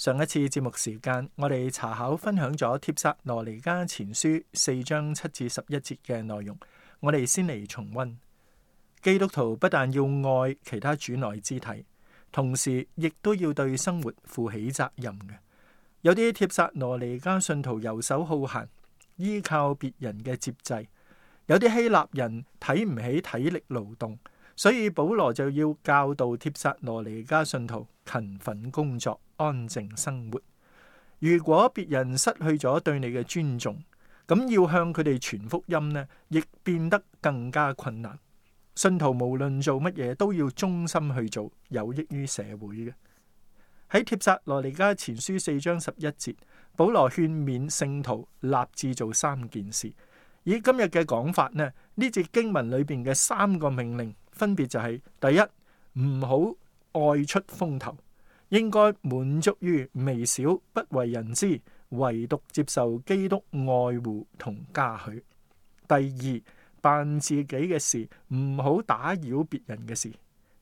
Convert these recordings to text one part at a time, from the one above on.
上一次節目時間，我哋查考分享咗帖撒羅尼迦前書四章七至十一節嘅內容。我哋先嚟重溫。基督徒不但要愛其他主內肢體，同時亦都要對生活負起責任嘅。有啲帖撒羅尼迦信徒游手好閒，依靠別人嘅接濟；有啲希臘人睇唔起體力勞動。所以保羅就要教導帖撒羅尼加信徒勤奮工作、安靜生活。如果別人失去咗對你嘅尊重，咁要向佢哋傳福音呢，亦變得更加困難。信徒無論做乜嘢，都要忠心去做，有益於社會嘅。喺帖撒羅尼加前書四章十一節，保羅勸勉聖徒立志做三件事。以今日嘅講法呢，呢節經文裏邊嘅三個命令，分別就係、是、第一，唔好愛出風頭，應該滿足於微小、不為人知，唯獨接受基督愛護同嘉許。第二，辦自己嘅事，唔好打擾別人嘅事。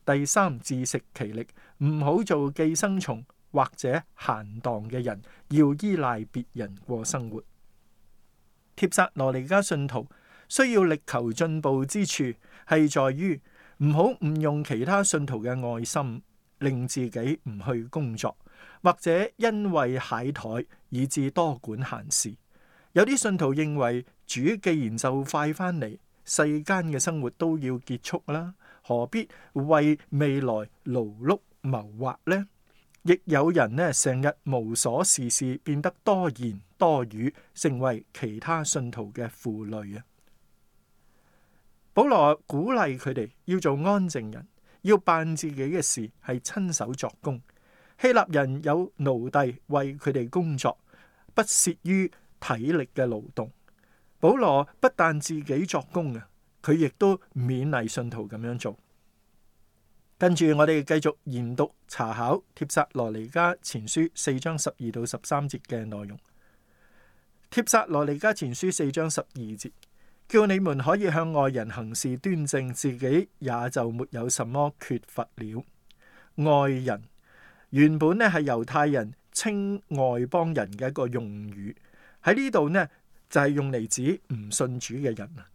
第三，自食其力，唔好做寄生蟲或者閒蕩嘅人，要依賴別人過生活。帖撒羅尼迦信徒需要力求進步之處，係在於。唔好誤用其他信徒嘅愛心，令自己唔去工作，或者因為懈怠以致多管閒事。有啲信徒認為主既然就快翻嚟，世間嘅生活都要結束啦，何必為未來勞碌謀劃呢？亦有人呢成日無所事事，變得多言多語，成為其他信徒嘅負累啊！保羅鼓勵佢哋要做安靜人，要辦自己嘅事係親手作工。希臘人有奴隸為佢哋工作，不屑於體力嘅勞動。保羅不但自己作工啊，佢亦都勉勵信徒咁樣做。跟住我哋繼續研讀查考帖撒羅尼迦前書四章十二到十三節嘅內容。帖撒羅尼迦前書四章十二節。叫你們可以向外人行事端正，自己也就沒有什麼缺乏了。外人原本呢係猶太人稱外邦人嘅一個用語，喺呢度呢就係用嚟指唔信主嘅人啊。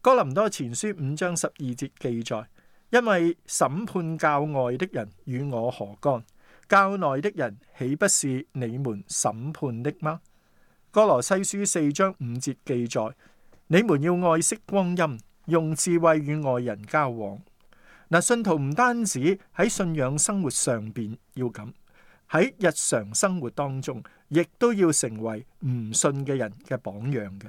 哥林多前書五章十二節記載，因為審判教外的人與我何干？教內的人豈不是你們審判的嗎？哥羅西書四章五節記載。你們要愛惜光陰，用智慧與外人交往。嗱，信徒唔單止喺信仰生活上邊要咁，喺日常生活當中亦都要成為唔信嘅人嘅榜樣嘅。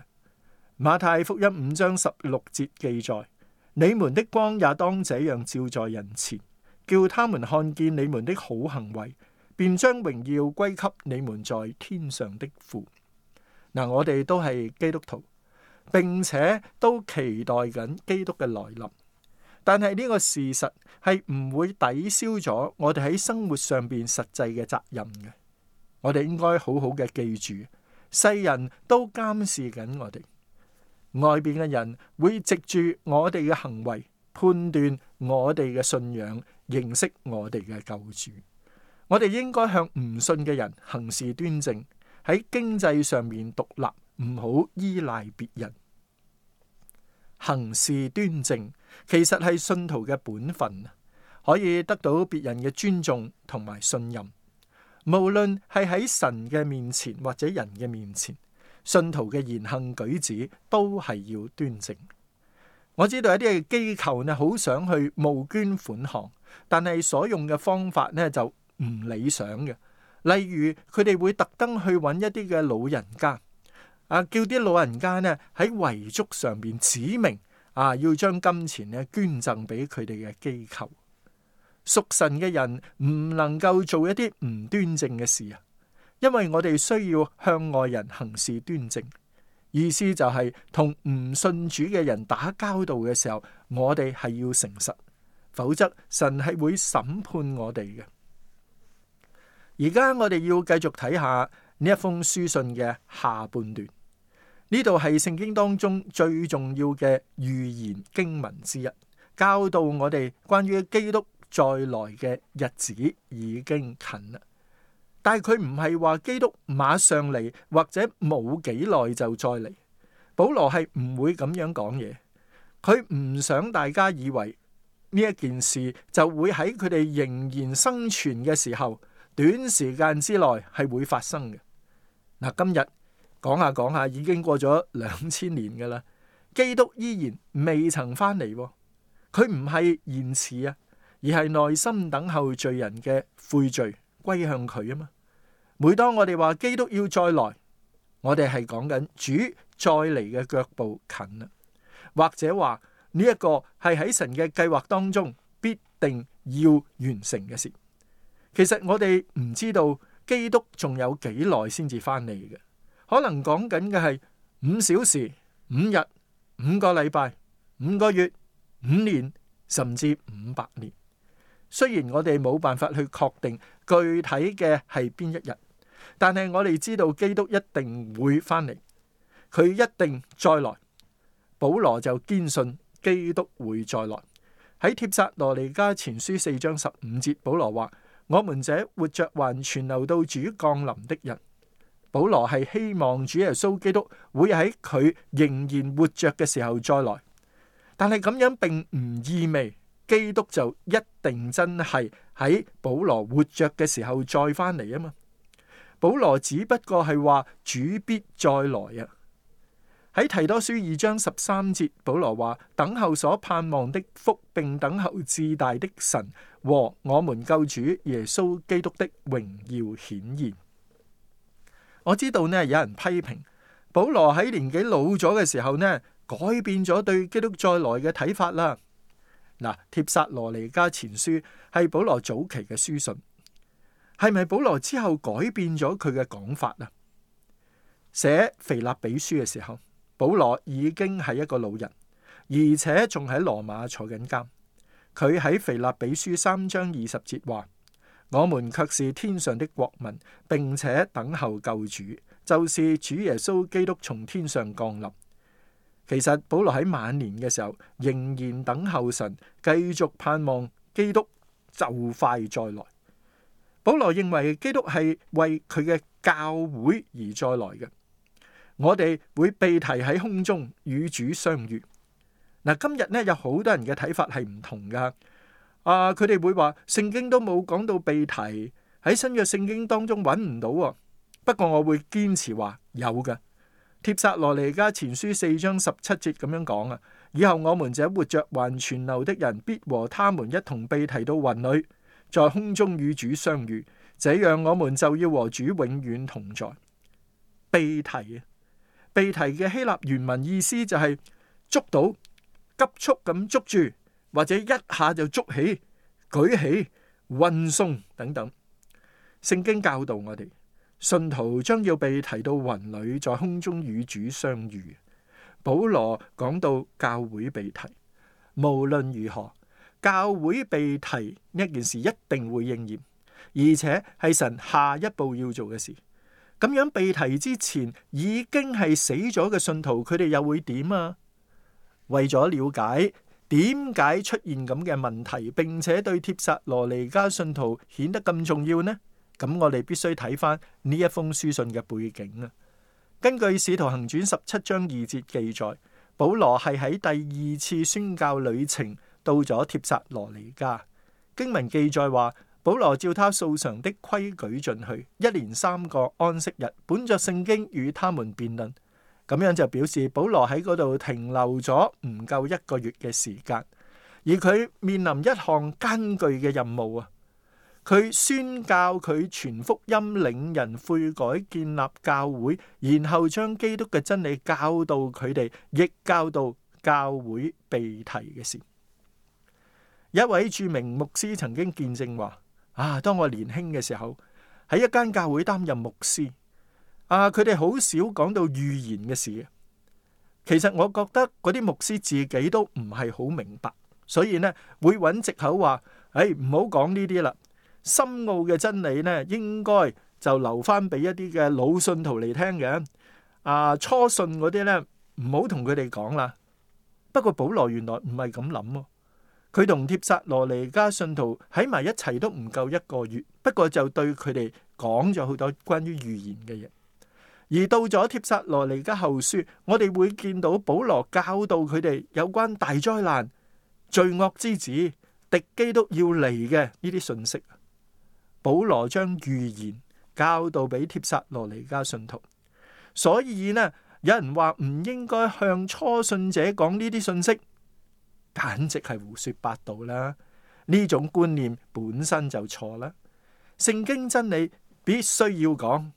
馬太福音五章十六節記載：你們的光也當這樣照在人前，叫他們看見你們的好行為，便將榮耀歸給你們在天上的父。嗱，我哋都係基督徒。並且都期待緊基督嘅來臨，但係呢個事實係唔會抵消咗我哋喺生活上邊實際嘅責任嘅。我哋應該好好嘅記住，世人都監視緊我哋，外邊嘅人會藉住我哋嘅行為判斷我哋嘅信仰，認識我哋嘅救主。我哋應該向唔信嘅人行事端正，喺經濟上面獨立。唔好依賴別人，行事端正，其實係信徒嘅本分，可以得到別人嘅尊重同埋信任。無論係喺神嘅面前或者人嘅面前，信徒嘅言行舉止都係要端正。我知道一啲嘅機構呢，好想去募捐款項，但係所用嘅方法呢就唔理想嘅。例如，佢哋會特登去揾一啲嘅老人家。啊！叫啲老人家咧，喺遺囑上面指明啊，要將金錢咧捐贈俾佢哋嘅機構。屬神嘅人唔能夠做一啲唔端正嘅事啊，因為我哋需要向外人行事端正。意思就係同唔信主嘅人打交道嘅時候，我哋係要誠實，否則神係會審判我哋嘅。而家我哋要繼續睇下呢一封書信嘅下半段。呢度係聖經當中最重要嘅預言經文之一，教導我哋關於基督再來嘅日子已經近啦。但係佢唔係話基督馬上嚟，或者冇幾耐就再嚟，保羅係唔會咁樣講嘢。佢唔想大家以為呢一件事就會喺佢哋仍然生存嘅時候，短時間之內係會發生嘅。嗱，今日。講下講下，已經過咗兩千年噶啦，基督依然未曾翻嚟。佢唔係延遲啊，而係耐心等候罪人嘅悔罪歸向佢啊嘛。每當我哋話基督要再來，我哋係講緊主再嚟嘅腳步近啦，或者話呢一個係喺神嘅計劃當中必定要完成嘅事。其實我哋唔知道基督仲有幾耐先至翻嚟嘅。可能講緊嘅係五小時、五日、五個禮拜、五個月、五年，甚至五百年。雖然我哋冇辦法去確定具體嘅係邊一日，但係我哋知道基督一定會翻嚟，佢一定再來。保羅就堅信基督會再來。喺帖撒羅尼迦前書四章十五節，保羅話：「我們這活着還存留到主降臨的人。保羅係希望主耶穌基督會喺佢仍然活着嘅時候再來，但係咁樣並唔意味基督就一定真係喺保羅活着嘅時候再返嚟啊嘛？保羅只不過係話主必再來啊！喺提多書二章十三節，保羅話：等候所盼望的福，並等候至大的神和我們救主耶穌基督的榮耀顯現。我知道呢，有人批評保羅喺年紀老咗嘅時候呢，改變咗對基督再來嘅睇法啦。嗱，帖撒羅尼加前書係保羅早期嘅書信，係咪保羅之後改變咗佢嘅講法啊？寫腓立比書嘅時候，保羅已經係一個老人，而且仲喺羅馬坐緊監。佢喺腓立比書三章二十節話。我們卻是天上的國民，並且等候救主，就是主耶穌基督從天上降臨。其實保羅喺晚年嘅時候，仍然等候神，繼續盼望基督就快再來。保羅認為基督係為佢嘅教會而再來嘅，我哋會被提喺空中與主相遇。嗱，今日呢，有好多人嘅睇法係唔同㗎。啊！佢哋會話聖經都冇講到被提喺，新約聖經當中揾唔到喎。不過我會堅持話有噶。帖撒羅尼迦前書四章十七節咁樣講啊。以後我們這活着還存留的人，必和他們一同被提到雲裏，在空中與主相遇。這樣我們就要和主永遠同在。被提啊！被提嘅希臘原文意思就係捉到，急速咁捉住。或者一下就捉起、舉起、運送等等。聖經教導我哋，信徒將要被提到雲裏，在空中與主相遇。保羅講到教會被提，無論如何，教會被提呢件事一定會應驗，而且係神下一步要做嘅事。咁樣被提之前已經係死咗嘅信徒，佢哋又會點啊？為咗了解，點解出現咁嘅問題，並且對帖撒羅尼加信徒顯得咁重要呢？咁我哋必須睇返呢一封書信嘅背景啦。根據《使徒行傳》十七章二節記載，保羅係喺第二次宣教旅程到咗帖撒羅尼加。經文記載話，保羅照他素常的規矩進去，一連三個安息日，本着聖經與他們辯論。咁樣就表示保羅喺嗰度停留咗唔夠一個月嘅時間，而佢面臨一項艱鉅嘅任務啊！佢宣教佢傳福音、領人悔改、建立教會，然後將基督嘅真理教導佢哋，亦教導教，教會被提嘅事。一位著名牧師曾經見證話：啊，當我年輕嘅時候，喺一間教會擔任牧師。啊！佢哋好少講到預言嘅事，其實我覺得嗰啲牧師自己都唔係好明白，所以呢會揾藉口話：誒，唔好講呢啲啦。深奧嘅真理呢，應該就留翻，俾一啲嘅老信徒嚟聽嘅。啊，初信嗰啲呢，唔好同佢哋講啦。不過保羅原來唔係咁諗，佢同帖撒羅尼加信徒喺埋一齊都唔夠一個月，不過就對佢哋講咗好多關於預言嘅嘢。而到咗帖撒羅尼加後書，我哋會見到保羅教導佢哋有關大災難、罪惡之子、敵基督要嚟嘅呢啲信息。保羅將預言教導俾帖撒羅尼加信徒，所以呢，有人話唔應該向初信者講呢啲信息，簡直係胡說八道啦！呢種觀念本身就錯啦，聖經真理必須要講。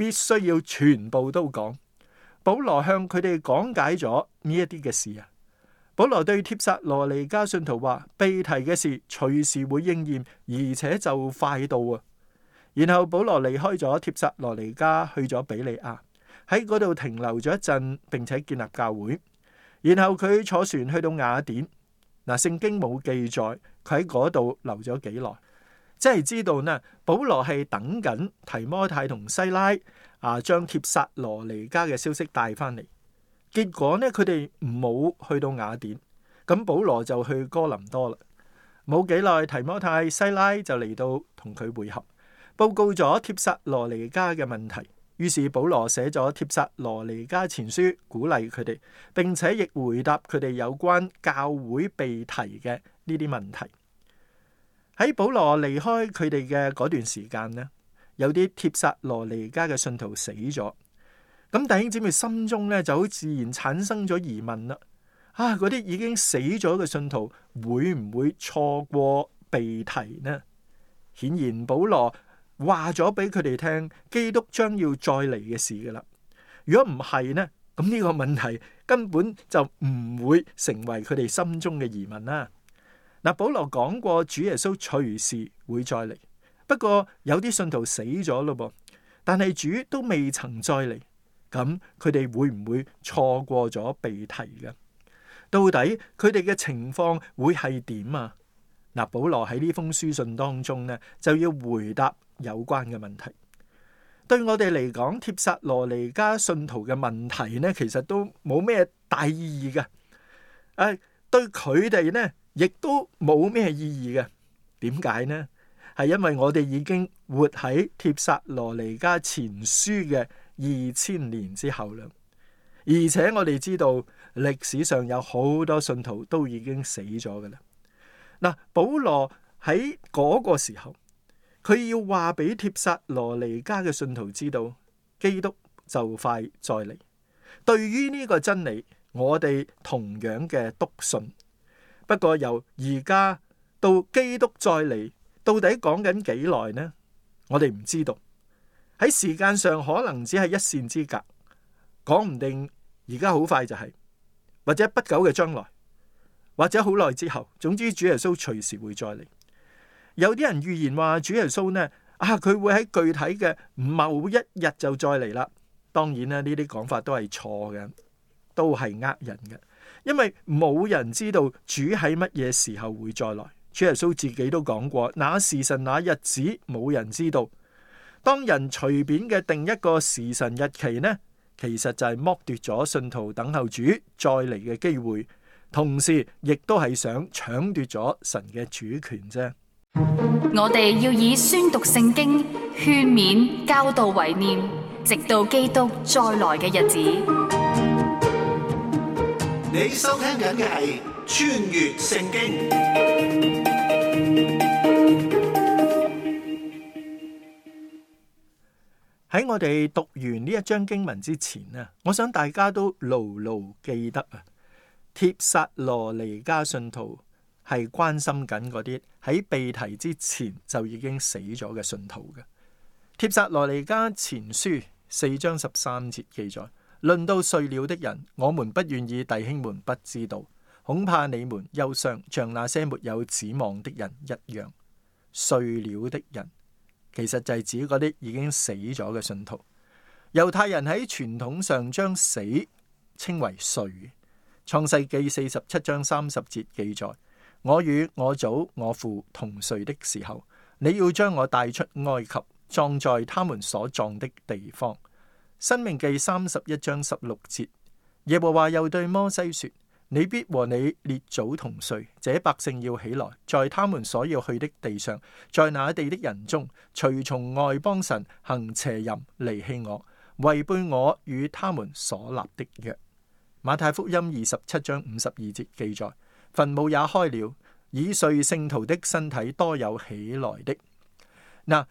必須要全部都講。保羅向佢哋講解咗呢一啲嘅事啊。保羅對帖撒羅尼迦信徒話：被提嘅事隨時會應驗，而且就快到啊。然後保羅離開咗帖撒羅尼迦，去咗比利亞，喺嗰度停留咗一陣，並且建立教會。然後佢坐船去到雅典。嗱，聖經冇記載佢喺嗰度留咗幾耐。即係知道呢，保羅係等緊提摩太同西拉，啊，將帖撒羅尼迦嘅消息帶翻嚟。結果呢，佢哋冇去到雅典，咁保羅就去哥林多啦。冇幾耐，提摩太、西拉就嚟到同佢會合，報告咗帖撒羅尼迦嘅問題。於是保羅寫咗帖撒羅尼迦前書，鼓勵佢哋，並且亦回答佢哋有關教會被提嘅呢啲問題。喺保羅離開佢哋嘅嗰段時間，呢有啲帖撒羅尼加嘅信徒死咗，咁弟兄姊妹心中咧就好自然產生咗疑問啦。啊，嗰啲已經死咗嘅信徒會唔會錯過被提呢？顯然保羅話咗俾佢哋聽，基督將要再嚟嘅事噶啦。如果唔係呢，咁呢個問題根本就唔會成為佢哋心中嘅疑問啦。嗱，保羅講過，主耶穌隨時會再嚟。不過有啲信徒死咗咯，噃，但係主都未曾再嚟，咁佢哋會唔會錯過咗被提嘅？到底佢哋嘅情況會係點啊？嗱，保羅喺呢封書信當中呢，就要回答有關嘅問題。對我哋嚟講，帖撒羅尼加信徒嘅問題呢，其實都冇咩大意義嘅。誒、呃，對佢哋呢。亦都冇咩意義嘅，點解呢？係因為我哋已經活喺帖撒羅尼加前書嘅二千年之後啦，而且我哋知道歷史上有好多信徒都已經死咗㗎啦。嗱，保羅喺嗰個時候，佢要話俾帖撒羅尼加嘅信徒知道，基督就快再嚟。對於呢個真理，我哋同樣嘅篤信。不過由而家到基督再嚟，到底講緊幾耐呢？我哋唔知道。喺時間上可能只係一綫之隔，講唔定而家好快就係、是，或者不久嘅將來，或者好耐之後，總之主耶穌隨時會再嚟。有啲人預言話主耶穌呢，啊佢會喺具體嘅某一日就再嚟啦。當然啦，呢啲講法都係錯嘅，都係呃人嘅。因為冇人知道主喺乜嘢時候會再來，主耶穌自己都講過，那時辰那日子冇人知道。當人隨便嘅定一個時辰日期呢，其實就係剝奪咗信徒等候主再嚟嘅機會，同時亦都係想搶奪咗神嘅主權啫。我哋要以宣讀聖經、勸勉、教導為念，直到基督再來嘅日子。你收聽緊嘅係穿越聖經。喺我哋讀完呢一章經文之前啊，我想大家都牢牢記得啊。帖撒羅尼迦信徒係關心緊嗰啲喺被提之前就已經死咗嘅信徒嘅。帖撒羅尼迦前書四章十三節記載。論到睡了的人，我們不願意弟兄們不知道，恐怕你們憂傷，像那些沒有指望的人一樣。睡了的人，其實就係指嗰啲已經死咗嘅信徒。猶太人喺傳統上將死稱為睡。創世記四十七章三十節記載：我與我祖我父同睡的時候，你要將我帶出埃及，葬在他們所葬的地方。申命記三十一章十六節，耶和華又對摩西說：你必和你列祖同睡。這百姓要起來，在他們所要去的地上，在那地的人中，隨從外邦神行邪淫，離棄我，違背我與他們所立的約。馬太福音二十七章五十二節記載：墳墓也開了，已睡聖徒的身體多有起來的。嗱，呢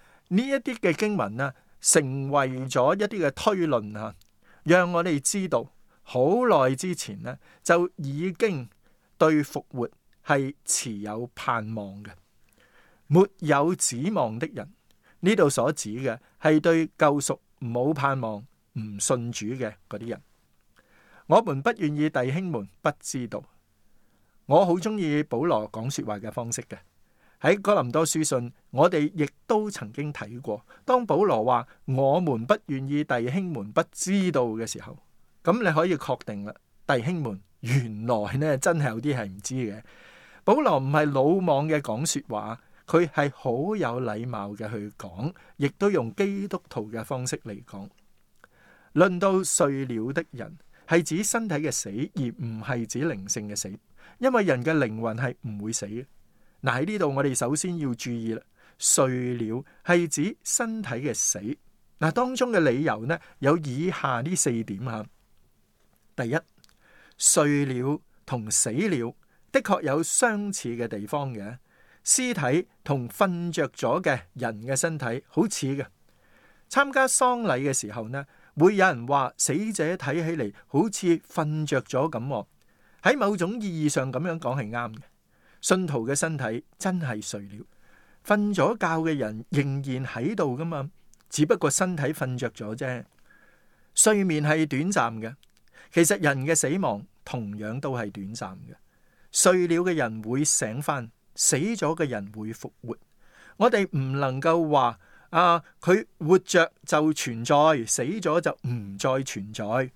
一啲嘅經文呢、啊？成為咗一啲嘅推論啊，讓我哋知道好耐之前呢，就已經對復活係持有盼望嘅。沒有指望的人，呢度所指嘅係對救贖冇盼望，唔信主嘅嗰啲人。我們不願意弟兄們不知道。我好中意保羅講說話嘅方式嘅。喺哥林多書信，我哋亦都曾經睇過。當保羅話我們不願意弟兄們不知道嘅時候，咁你可以確定啦，弟兄們原來呢真係有啲係唔知嘅。保羅唔係魯莽嘅講說話，佢係好有禮貌嘅去講，亦都用基督徒嘅方式嚟講。論到睡了的人，係指身體嘅死，而唔係指靈性嘅死，因為人嘅靈魂係唔會死嘅。嗱，喺呢度，我哋首先要注意啦。睡了係指身體嘅死。嗱，當中嘅理由呢，有以下呢四點吓：第一，睡了同死了的確有相似嘅地方嘅。屍體同瞓着咗嘅人嘅身體好似嘅。參加喪禮嘅時候呢，會有人話死者睇起嚟好似瞓着咗咁。喺某種意義上咁樣講，係啱嘅。信徒嘅身體真係睡了，瞓咗覺嘅人仍然喺度噶嘛？只不過身體瞓着咗啫。睡眠係短暫嘅，其實人嘅死亡同樣都係短暫嘅。睡了嘅人會醒翻，死咗嘅人會復活。我哋唔能夠話啊，佢活着就存在，死咗就唔再存在。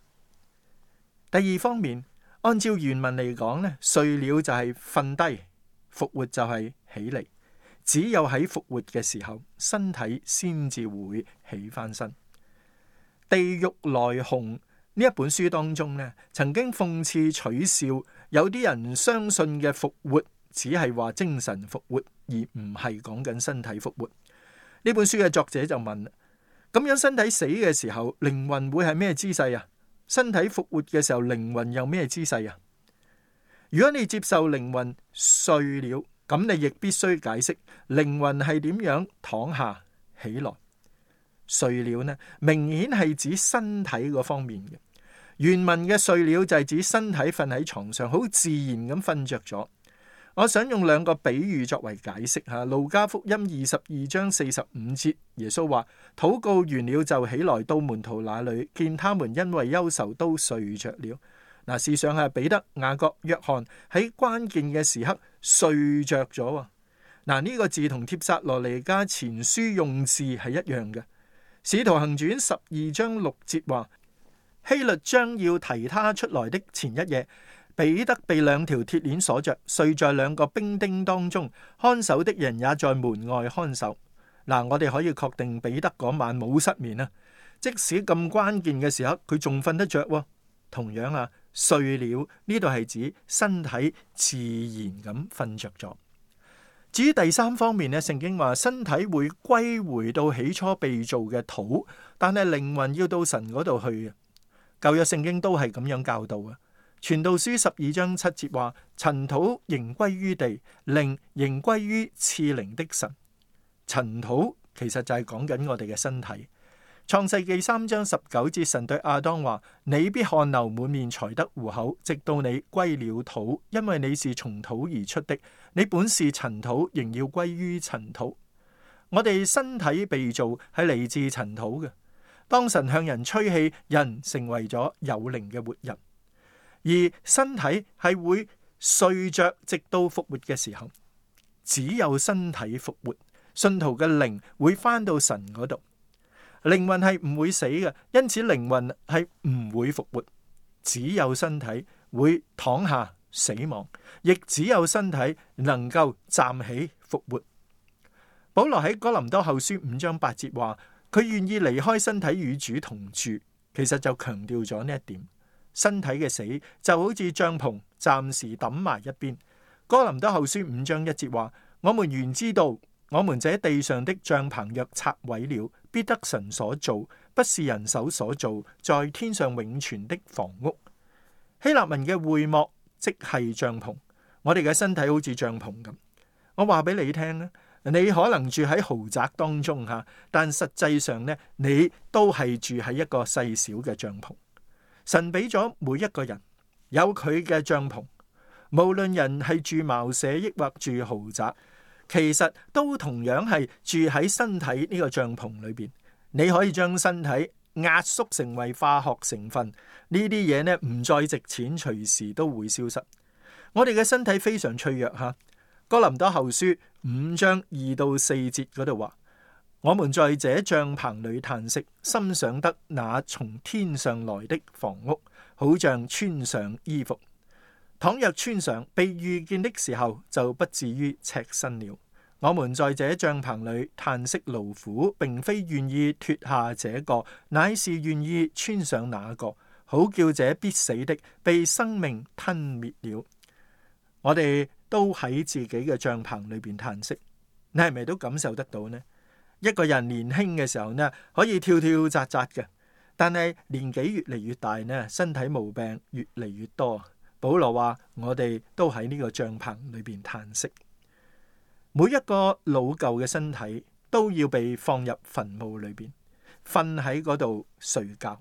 第二方面，按照原文嚟講呢，睡了就係瞓低。復活就係起嚟，只有喺復活嘅時候，身體先至會起返身。地獄來鴻呢一本書當中咧，曾經諷刺取笑有啲人相信嘅復活，只係話精神復活，而唔係講緊身體復活。呢本書嘅作者就問啦：咁樣身體死嘅時候，靈魂會係咩姿勢啊？身體復活嘅時候，靈魂又咩姿勢啊？如果你接受靈魂睡了，咁你亦必須解釋靈魂係點樣躺下起來睡了呢？明顯係指身體嗰方面嘅。原文嘅睡了就係指身體瞓喺床上，好自然咁瞓着咗。我想用兩個比喻作為解釋吓。路加福音二十二章四十五節，耶穌話：禱告完了就起來到門徒那裏，見他們因為憂愁都睡着了。嗱，事實上係彼得、雅各、約翰喺關鍵嘅時刻睡着咗。嗱，呢個字同帖撒羅尼加前書用字係一樣嘅。使徒行傳十二章六節話：希律將要提他出來的前一夜，彼得被兩條鐵鏈鎖着，睡在兩個兵丁當中，看守的人也在門外看守。嗱，啊，我哋可以確定彼得嗰晚冇失眠啊！即使咁關鍵嘅時刻，佢仲瞓得着，哦。同樣啊。睡了，呢度係指身體自然咁瞓着咗。至於第三方面咧，聖經話身體會歸回到起初被造嘅土，但係靈魂要到神嗰度去嘅。舊約聖經都係咁樣教導嘅。傳道書十二章七節話：塵土仍歸於地，靈仍歸於賜靈的神。塵土其實就係講緊我哋嘅身體。創世記三章十九節，神對亞當話：你必汗流滿面才得糊口，直到你歸了土，因為你是從土而出的。你本是塵土，仍要歸於塵土。我哋身體被造係嚟自塵土嘅。當神向人吹氣，人成為咗有靈嘅活人，而身體係會睡着直到復活嘅時候，只有身體復活，信徒嘅靈會翻到神嗰度。靈魂係唔會死嘅，因此靈魂係唔會復活，只有身體會躺下死亡，亦只有身體能夠站起復活。保羅喺哥林多後書五章八節話：佢願意離開身體與主同住，其實就強調咗呢一點。身體嘅死就好似帳篷暫，暫時抌埋一邊。哥林多後書五章一節話：我們原知道，我們這地上的帳棚若拆毀了。必得神所造，不是人手所造，在天上永存的房屋。希臘文嘅會幕即係帳篷，我哋嘅身體好似帳篷咁。我話俾你聽咧，你可能住喺豪宅當中吓，但實際上咧，你都係住喺一個細小嘅帳篷。神俾咗每一個人有佢嘅帳篷，無論人係住茅舍抑或住豪宅。其實都同樣係住喺身體呢個帳篷裏邊，你可以將身體壓縮成為化學成分呢啲嘢呢，唔再值錢，隨時都會消失。我哋嘅身體非常脆弱吓，《哥林多後書》五章二到四節嗰度話：我們在這帳篷裏嘆息，深想得那從天上來的房屋，好像穿上衣服。倘若，穿上被遇見的時候，就不至於赤身了。我們在這帳篷裏嘆息勞苦，並非願意脫下這個，乃是願意穿上那個，好叫這必死的被生命吞滅了。我哋都喺自己嘅帳篷裏邊嘆息，你係咪都感受得到呢？一個人年輕嘅時候呢，可以跳跳紮紮嘅，但係年紀越嚟越大呢，身體毛病越嚟越多。保羅話：我哋都喺呢個帳篷裏邊嘆息。每一個老舊嘅身體都要被放入墳墓裏邊，瞓喺嗰度睡覺。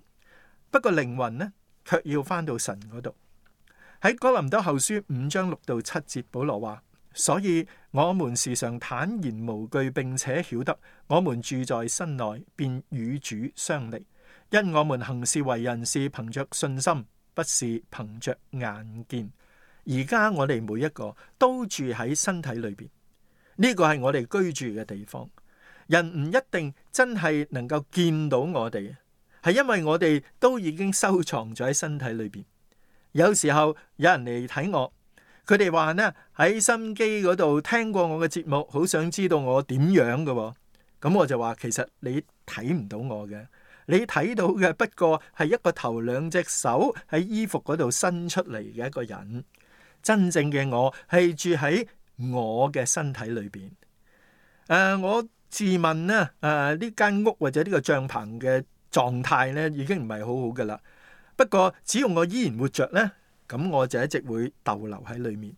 不過靈魂呢，卻要翻到神嗰度。喺哥林多後書五章六到七節，保羅話：所以我們時常坦然無懼，並且曉得我們住在身內，便與主相離。因我們行事為人是憑着信心，不是憑着眼見。而家我哋每一個都住喺身體裏邊。呢個係我哋居住嘅地方，人唔一定真係能夠見到我哋，係因為我哋都已經收藏咗喺身體裏邊。有時候有人嚟睇我，佢哋話呢，喺心機嗰度聽過我嘅節目，好想知道我點樣㗎。哦、咁、嗯，我就話其實你睇唔到我嘅，你睇到嘅，不過係一個頭兩隻手喺衣服嗰度伸出嚟嘅一個人，真正嘅我係住喺我嘅身體裏邊，誒、呃，我自問咧，誒、呃，呢間屋或者呢個帳篷嘅狀態咧，已經唔係好好噶啦。不過，只要我依然活着咧，咁我就一直會逗留喺裏面。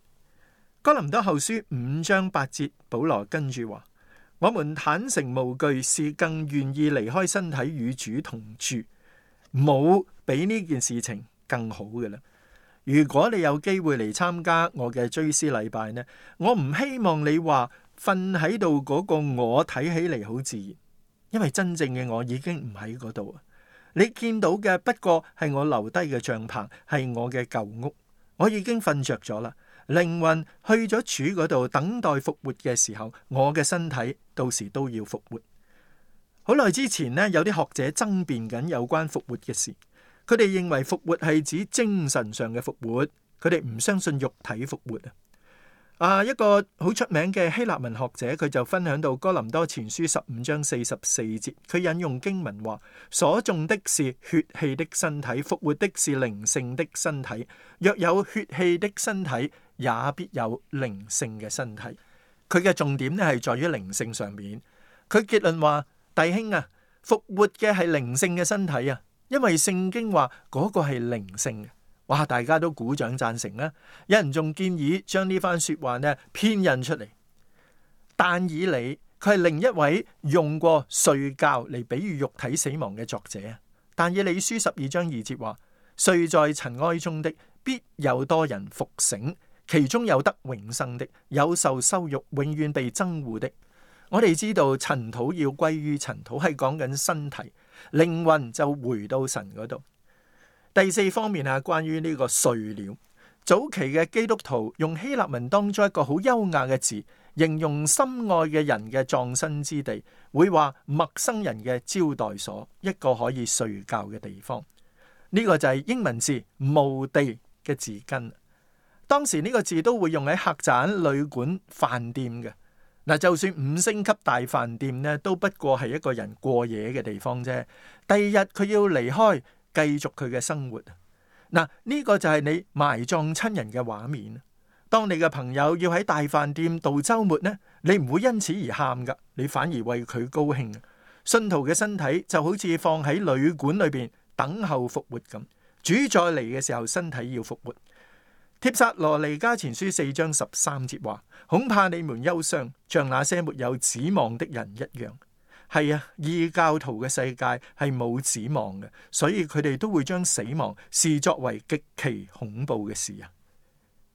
哥林多後書五章八節，保羅跟住話：我們坦誠無懼，是更願意離開身體與主同住，冇比呢件事情更好嘅啦。如果你有機會嚟參加我嘅追思禮拜呢，我唔希望你話瞓喺度嗰個我睇起嚟好自然，因為真正嘅我已經唔喺嗰度啊！你見到嘅不過係我留低嘅帳篷，係我嘅舊屋，我已經瞓着咗啦。靈魂去咗主嗰度等待復活嘅時候，我嘅身體到時都要復活。好耐之前呢，有啲學者爭辯緊有關復活嘅事。佢哋認為復活係指精神上嘅復活，佢哋唔相信肉體復活啊！啊，一個好出名嘅希臘文學者，佢就分享到《哥林多前書》十五章四十四節，佢引用經文話：所種的是血氣的身體，復活的是靈性的身體。若有血氣的身體，也必有靈性嘅身體。佢嘅重點咧係在於靈性上面。佢結論話：弟兄啊，復活嘅係靈性嘅身體啊！因為聖經話嗰、那個係靈性嘅，哇！大家都鼓掌讚成啦、啊，有人仲建議將呢番說話呢編印出嚟。但以理佢係另一位用過睡覺嚟比喻肉體死亡嘅作者。但以理書十二章二節話：睡在塵埃中的必有多人復醒，其中有得永生的，有受羞辱、永遠被憎惡的。我哋知道塵土要歸於塵土，係講緊身體。靈魂就回到神嗰度。第四方面啊，關於呢個睡了，早期嘅基督徒用希臘文當中一個好優雅嘅字，形容心愛嘅人嘅葬身之地，會話陌生人嘅招待所，一個可以睡覺嘅地方。呢、呢個就係英文字墓地嘅字根。當時呢個字都會用喺客棧、旅館、飯店嘅。嗱，就算五星級大飯店咧，都不過係一個人過夜嘅地方啫。第二日佢要離開，繼續佢嘅生活。嗱，呢個就係你埋葬親人嘅畫面。當你嘅朋友要喺大飯店度週末呢，你唔會因此而喊㗎，你反而為佢高興。信徒嘅身體就好似放喺旅館裏邊等候復活咁。主再嚟嘅時候，身體要復活。帖撒羅尼迦前書四章十三節話：恐怕你們憂傷，像那些沒有指望的人一樣。係啊，異教徒嘅世界係冇指望嘅，所以佢哋都會將死亡視作為極其恐怖嘅事啊。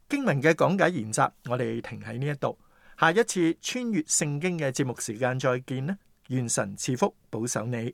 經文嘅講解研習，我哋停喺呢一度。下一次穿越聖經嘅節目時間再見啦。願神賜福保守你。